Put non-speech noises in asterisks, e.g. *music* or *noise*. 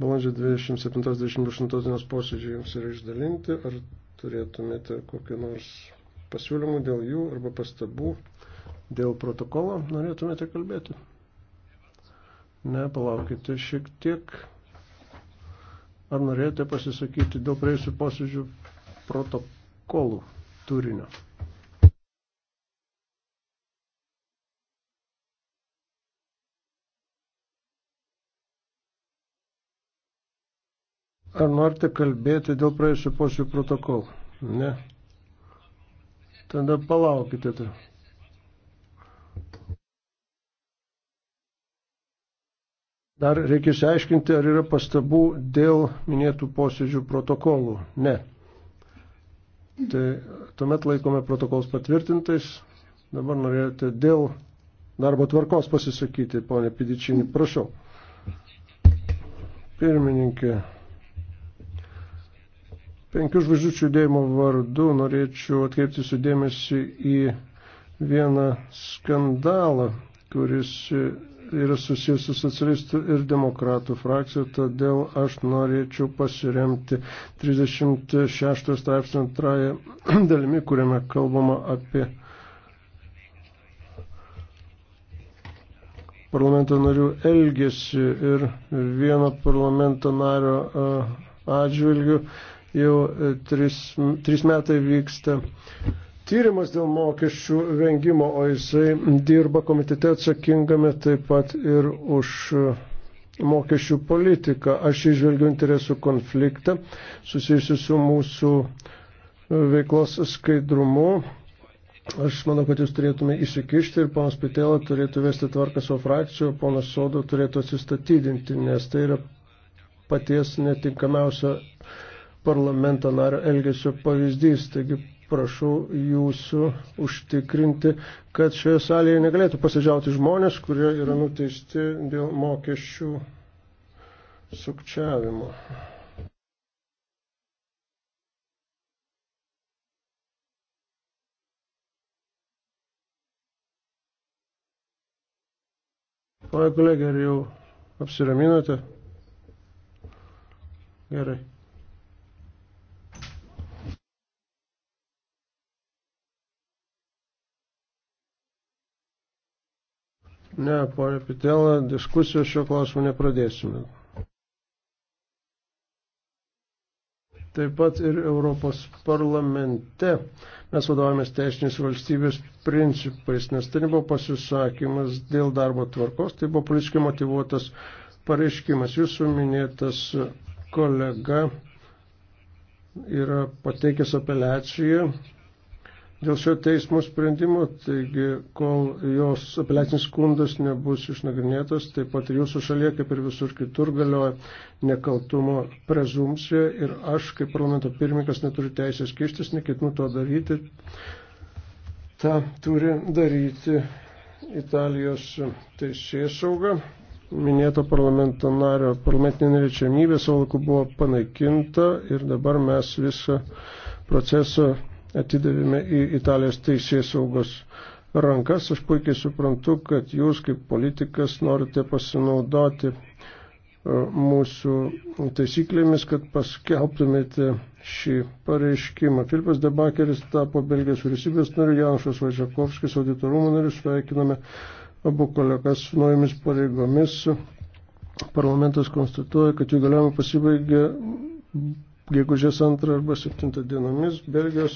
balandžio 27-28 dienos posėdžiai jums yra išdalinti, ar turėtumėte kokį nors pasiūlymų dėl jų arba pastabų dėl protokolo, norėtumėte kalbėti? Ne, palaukite šiek tiek. Ar norėjote pasisakyti dėl praėjusių posėdžių protokolų turinio? Ar norite kalbėti dėl praėjusių posėdžių protokolų? Ne. Tada palaukite. Tai. Dar reikia išsiaiškinti, ar yra pastabų dėl minėtų posėdžių protokolų. Ne. Tai tuomet laikome protokolus patvirtintais. Dabar norėjote dėl darbo tvarkos pasisakyti, ponė Pidičinį. Prašau. Pirmininkė. Penkių žvaigždžių judėjimo vardu norėčiau atkreipti sudėmėsi į vieną skandalą, kuris yra susijęs su socialistų ir demokratų frakcija, todėl aš norėčiau pasiremti 36 straipsnio antrąją *clears throat* dalimi, kuriame kalbama apie parlamento narių elgesį ir vieno parlamento nario atžvilgių jau e, tris, tris metai vyksta tyrimas dėl mokesčių vengimo, o jisai dirba komitete atsakingame taip pat ir už e, mokesčių politiką. Aš išvelgiu interesų konfliktą susijusiu su mūsų e, veiklos skaidrumu. Aš manau, kad jūs turėtume įsikišti ir ponas Pitėla turėtų vesti tvarką savo frakcijų, o ponas Sodo turėtų atsistatydinti, nes tai yra paties netinkamiausio parlamento nario elgesio pavyzdys. Taigi prašau jūsų užtikrinti, kad šioje salėje negalėtų pasidžiauti žmonės, kurie yra nuteisti dėl mokesčių sukčiavimo. Pane kolegė, ar jau apsiraminote? Gerai. Ne, ponė Pitela, diskusijos šio klausimu nepradėsime. Taip pat ir Europos parlamente mes vadovavomės teisinės valstybės principais, nes tai buvo pasisakymas dėl darbo tvarkos, tai buvo politiškai motivuotas pareiškimas. Jūsų minėtas kolega yra pateikęs apeliaciją dėl šio teismo sprendimo, taigi kol jos apeliacinis skundas nebus išnagrinėtas, taip pat ir jūsų šalyje, kaip ir visur kitur, galioja nekaltumo prezumcija ir aš, kaip parlamento pirmininkas, neturiu teisės kištis, nekitinu to daryti. Ta turi daryti Italijos teisėsauga. Minėto parlamento nario parlamentinė neliečiamybė savo laiku buvo panaikinta ir dabar mes visą procesą atidavėme į Italijos teisės saugos rankas. Aš puikiai suprantu, kad jūs kaip politikas norite pasinaudoti e, mūsų taisyklėmis, kad paskelbtumėte šį pareiškimą. Filipas Debakeris tapo Belgijos vyriausybės nariu, Janšas Važiakovskis auditorumo nariu, sveikiname abu kolegas su naujomis pareigomis. Parlamentas konstatuoja, kad jų galiojimą pasibaigė gegužės 2 arba 7 dienomis Belgijos